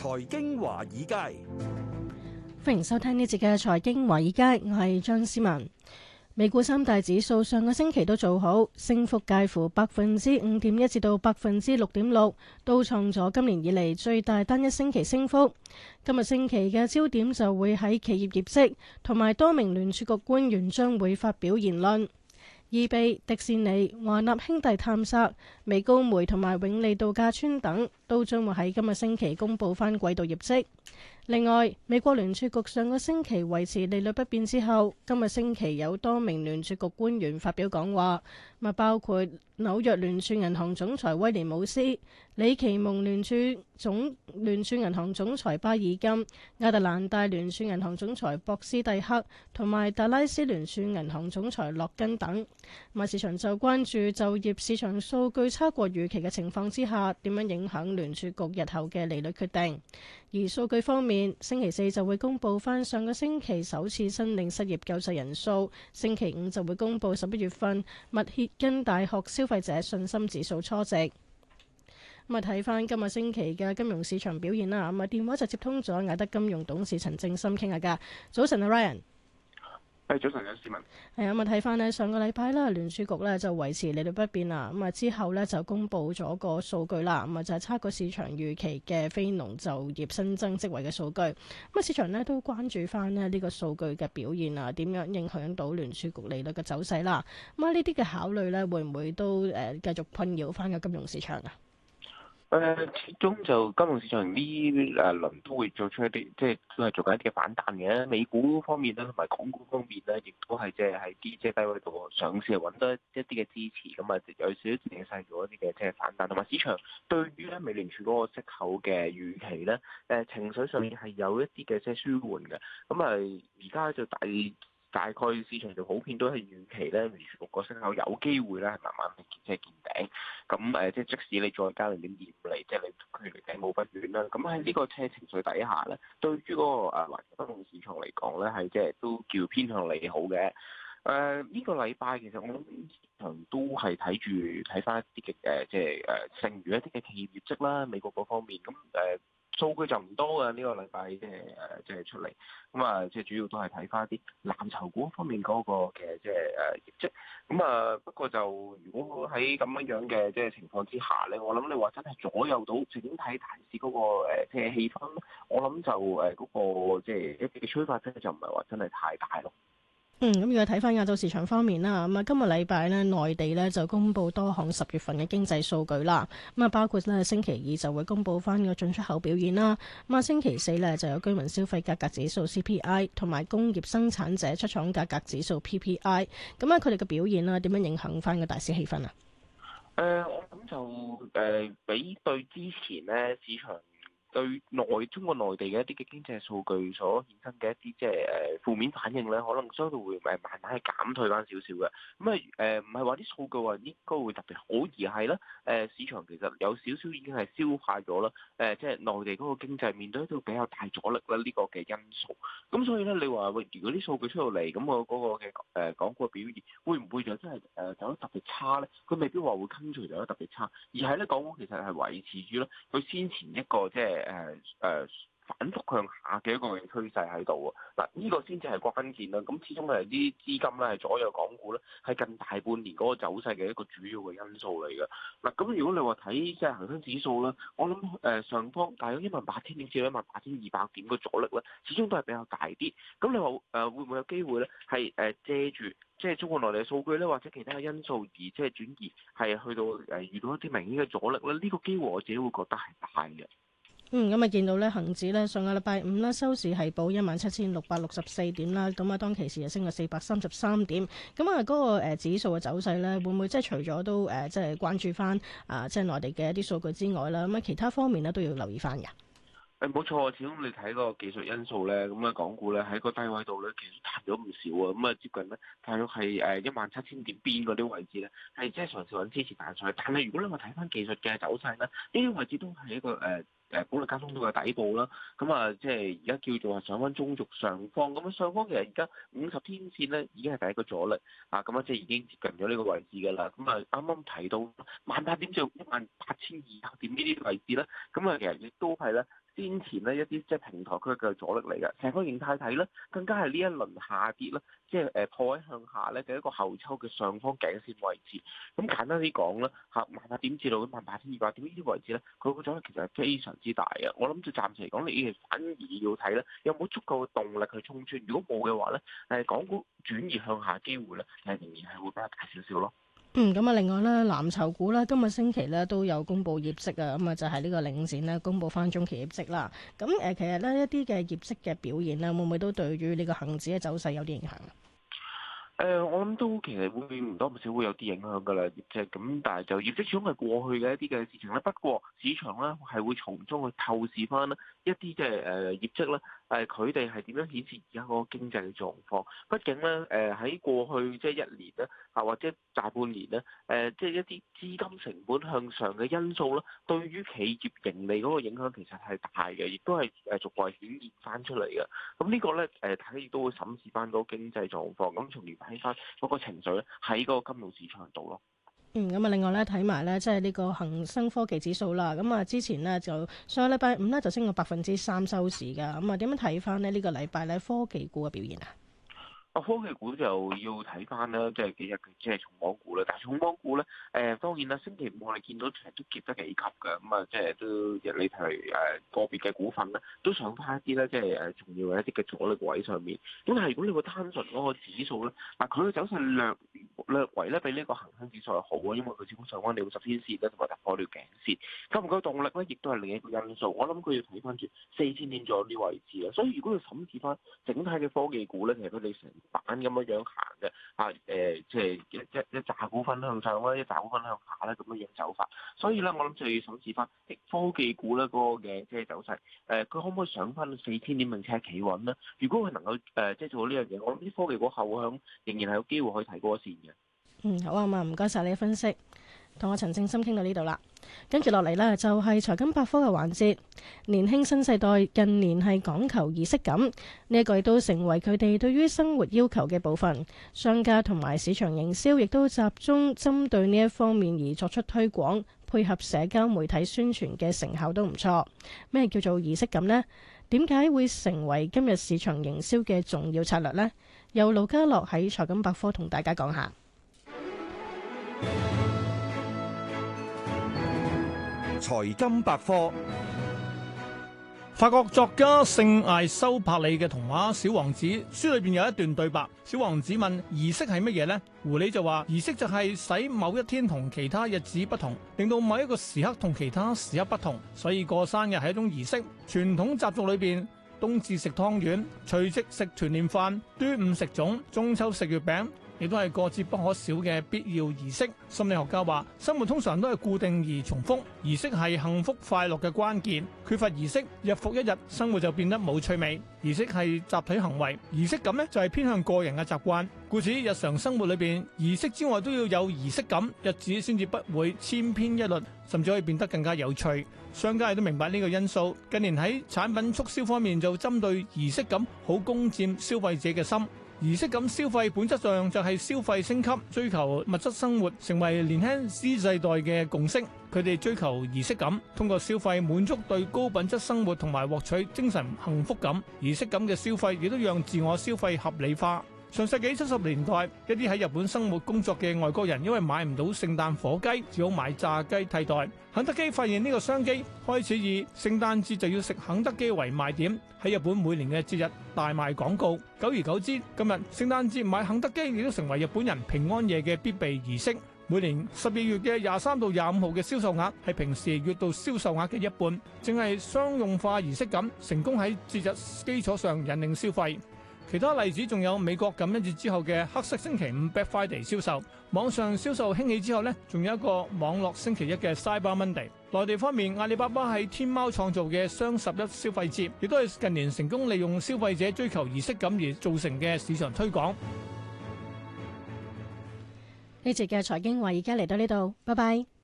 財經華爾街，歡迎收聽呢節嘅財經華爾街，我係張思文。美股三大指數上個星期都做好，升幅介乎百分之五點一至到百分之六點六，都創咗今年以嚟最大單一星期升幅。今日星期嘅焦點就會喺企業業績，同埋多名聯儲局官員將會發表言論。易貝、迪士尼、華納兄弟、探索、美高梅同埋永利度假村等。都將會喺今個星期公布翻季度業績。另外，美國聯儲局上個星期維持利率不變之後，今個星期有多名聯儲局官員發表講話，咪包括紐約聯儲銀行總裁威廉姆斯、里奇蒙聯儲總聯儲銀行總裁巴爾金、亞特蘭大聯儲銀行總裁博斯蒂克同埋達拉斯聯儲銀行總裁洛根等。咁市場就關注就業市場數據差過預期嘅情況之下，點樣影響聯儲局日後嘅利率決定。而數據方面，星期四就會公布翻上，上個星期首次申領失業救濟人數，星期五就會公布十一月份密歇根大學消費者信心指數初值。咁啊、嗯，睇翻今日星期嘅金融市場表現啦。咁啊，電話就接通咗艾德金融董事陳正心傾下噶。早晨啊，Ryan。係早晨，有市民。啊，咁啊睇翻咧，上個禮拜咧聯儲局咧就維持利率不變啦。咁啊之後咧就公布咗個數據啦。咁啊就係差估市場預期嘅非農就業新增職位嘅數據。咁啊市場呢都關注翻咧呢個數據嘅表現啦，點樣影響到聯儲局利率嘅走勢啦？咁啊呢啲嘅考慮咧會唔會都誒繼續困擾翻嘅金融市場啊？誒、呃、始終就金融市場呢誒輪都會做出一啲，即係都係做緊一啲反彈嘅。美股方面咧，同埋港股方面咧，亦都係即係喺啲即係低位度上市揾得一啲嘅支持，咁啊有少少淨晒咗一啲嘅即係反彈。同埋市場對於咧美聯儲嗰個息口嘅預期咧，誒情緒上面係有一啲嘅即係舒緩嘅。咁啊，而家就大。大概市場就普遍都係預期咧，如六個星期，有機會咧，係慢慢見車見頂。咁誒，即、呃、係即使你再加零點二五釐，即係佢離頂冇不遠啦。咁喺呢個車情緒底下咧，對於嗰個誒環節不同市場嚟講咧，係即係都叫偏向利好嘅。誒、呃，呢、這個禮拜其實我諗都係睇住睇翻一啲嘅誒，即係誒剩餘一啲嘅企業業績啦，美國嗰方面咁誒。數據就唔多嘅呢、這個禮拜、呃，即係誒即係出嚟，咁、嗯、啊，即係主要都係睇翻啲藍籌股方面嗰、那個嘅即係誒，即係咁、呃嗯、啊。不過就如果喺咁樣樣嘅即係情況之下咧，我諗你話真係左右到整體大市嗰個誒嘅、呃、氣氛，我諗就誒嗰、呃那個即係一啲嘅催化劑就唔係話真係太大咯。嗯，咁如果睇翻亞洲市場方面啦，咁啊今日禮拜咧，內地呢就公布多項十月份嘅經濟數據啦，咁啊包括咧星期二就會公布翻個進出口表現啦，咁啊星期四呢就有居民消費價格指數 CPI 同埋工業生產者出廠價格指數 PPI，咁啊佢哋嘅表現啦點樣影響翻個大市氣氛啊？誒、呃，我諗就誒、呃、比對之前呢市場。對內中國內地嘅一啲嘅經濟數據所衍生嘅一啲即係誒負面反應咧，可能相對會唔係慢慢係減退翻少少嘅。咁啊誒，唔係話啲數據話應該會特別好，而係咧誒市場其實有少少已經係消化咗啦。誒即係內地嗰個經濟面對一啲比較大阻力咧呢個嘅因素。咁所以咧，你話喂如果啲數據出到嚟，咁我嗰個嘅誒、呃、港股嘅表現會唔會就真係誒走得特別差咧？佢未必話會跟隨走得特別差，而係咧港股其實係維持住咧佢先前一個即係。誒誒、呃，反覆向下嘅一個嘅趨勢喺度嗱，呢個先至係關鍵啦。咁始終係啲資金咧，係左右港股咧，係近大半年嗰個走勢嘅一個主要嘅因素嚟嘅。嗱，咁如果你話睇即係恒生指數咧，我諗誒、呃、上方大約一萬八千點至一萬八千二百點嘅阻力咧，始終都係比較大啲。咁你話誒、呃、會唔會有機會咧？係誒借住即係中國內地嘅數據咧，或者其他嘅因素，而即係轉移係去到誒、呃、遇到一啲明顯嘅阻力咧？呢個機會我自己會覺得係大嘅。嗯，咁、嗯、啊見到咧，恒指咧上個禮拜五咧收市係報一萬七千六百六十四點啦，咁啊當其時啊升咗四百三十三點。咁啊嗰個、呃、指數嘅走勢咧，會唔會即係除咗都誒即係關注翻啊、呃，即係內地嘅一啲數據之外啦，咁啊其他方面咧都要留意翻嘅。誒冇錯，始終你睇個技術因素咧，咁啊港股咧喺個低位度咧，其實彈咗唔少啊，咁啊接近咧大約係誒一萬七千點邊嗰啲位置咧，係即係嘗試揾支持彈出嚟。但係如果咧我睇翻技術嘅走勢咧，呢啲位置都係一個誒。呃誒，保力加通道嘅底部啦，咁啊，即係而家叫做係上返中軸上方，咁啊上方其實而家五十天線咧已經係第一個阻力啊，咁啊即係已經接近咗呢個位置㗎啦，咁啊啱啱提到萬八點就一萬八千二百點呢啲位置咧，咁啊其實亦都係咧。先前呢一啲即係平台區嘅阻力嚟嘅，成個形態睇咧更加係呢一輪下跌咧，即係誒破位向下咧嘅一個後抽嘅上方頸線位置。咁簡單啲講啦，嚇，萬八點至到萬八千二百點呢啲位置咧，佢個阻力其實係非常之大嘅。我諗就暫時嚟講，你反而要睇咧有冇足夠嘅動力去衝出。如果冇嘅話咧，誒港股轉移向下機會咧，誒仍然係會比較大少少咯。嗯，咁啊，另外咧，藍籌股咧，今日星期咧都有公布業績啊，咁、嗯、啊就係、是、呢個領展咧公布翻中期業績啦。咁、嗯、誒、呃，其實呢，一啲嘅業績嘅表現咧，會唔會都對於呢個恒指嘅走勢有啲影響？誒、呃，我諗都其實會唔多唔少會有啲影響噶啦，即係咁，但係就業績始終係過去嘅一啲嘅事情啦。不過市場咧係會從中去透視翻一啲即係誒業績咧。係佢哋係點樣顯示而家嗰個經濟嘅狀況？畢竟咧，誒、呃、喺過去即係一年咧，啊或者大半年咧，誒、呃、即係一啲資金成本向上嘅因素咧，對於企業盈利嗰個影響其實係大嘅，亦都係誒逐個顯現翻出嚟嘅。咁呢個咧，誒睇亦都會審視翻嗰個經濟狀況，咁從而睇翻嗰個程序咧喺嗰個金融市場度咯。嗯，咁啊，另外咧睇埋咧，即係呢個恒生科技指數啦。咁、嗯、啊，之前咧就上個禮拜五咧就升過百分之三收市噶。咁、嗯、啊，點樣睇翻咧呢、這個禮拜咧科技股嘅表現啊？科技股就要睇翻啦，即係幾日即係重磅股啦。但係重磅股咧，誒、呃，當然啦，星期五我哋見到其實都跌得幾急嘅，咁、嗯、啊，即係都亦你睇誒個別嘅股份啦，都上翻一啲咧，即係誒重要一啲嘅阻力位上面。咁但係如果你話單純嗰個指數咧，嗱佢嘅走勢略略為咧比呢個恒生指數係好啊，因為佢始終上翻到十天線咧同埋突破了頸線。夠唔夠動力咧，亦都係另一個因素。我諗佢要睇翻住四千點左右嘅位置啊。所以如果要審視翻整體嘅科技股咧，其實都你。成板咁樣樣行嘅吓，誒即係一一一扎股份向上咧，一扎股份向下咧，咁樣樣走法。所以咧，我諗就要審視翻科技股咧嗰個嘅即係走勢。誒，佢可唔可以上翻四千點並且企穩咧？如果佢能夠誒即係做到呢樣嘢，我諗啲科技股後向仍然係有機會可以提過線嘅。嗯，好啊嘛，唔該晒你分析。同我陳正深傾到呢度啦，跟住落嚟咧就係財金百科嘅環節。年輕新世代近年係講求儀式感，呢一個亦都成為佢哋對於生活要求嘅部分。商家同埋市場營銷亦都集中針對呢一方面而作出推廣，配合社交媒體宣傳嘅成效都唔錯。咩叫做儀式感呢？點解會成為今日市場營銷嘅重要策略呢？由盧家樂喺財金百科同大家講下。 財金百科，法國作家聖艾修柏里嘅童話《小王子》，書裏邊有一段對白：小王子問儀式係乜嘢呢？狐狸就話儀式就係使某一天同其他日子不同，令到某一個時刻同其他時刻不同，所以過生日係一種儀式。傳統習俗裏邊，冬至食湯圓，除夕食團年飯，端午食粽，中秋食月餅。亦都係個節不可少嘅必要儀式。心理學家話：生活通常都係固定而重複，儀式係幸福快樂嘅關鍵。缺乏儀式，日復一日，生活就變得冇趣味。儀式係集體行為，儀式感呢就係偏向個人嘅習慣。故此，日常生活裏邊，儀式之外都要有儀式感，日子先至不會千篇一律，甚至可以變得更加有趣。商家亦都明白呢個因素，近年喺產品促銷方面就針對儀式感好攻佔消費者嘅心。儀式感消費本質上就係消費升級，追求物質生活，成為年輕 Z 世代嘅共識。佢哋追求儀式感，通過消費滿足對高品質生活同埋獲取精神幸福感。儀式感嘅消費亦都讓自我消費合理化。上世紀七十年代，一啲喺日本生活工作嘅外國人，因為買唔到聖誕火雞，只好買炸雞替代。肯德基發現呢個商機，開始以聖誕節就要食肯德基為賣點，喺日本每年嘅節日大賣廣告。久而久之，今日聖誕節買肯德基亦都成為日本人平安夜嘅必備儀式。每年十二月嘅廿三到廿五號嘅銷售額係平時月度銷售額嘅一半，淨係商用化儀式咁成功喺節日基礎上引領消費。其他例子仲有美國感恩節之後嘅黑色星期五 （Black Friday） 銷售，網上銷售興起之後呢，仲有一個網絡星期一嘅 Cyber Monday。內地方面，阿里巴巴喺天貓創造嘅雙十一消費節，亦都係近年成功利用消費者追求儀式感而造成嘅市場推廣。呢節嘅財經話，而家嚟到呢度，拜拜。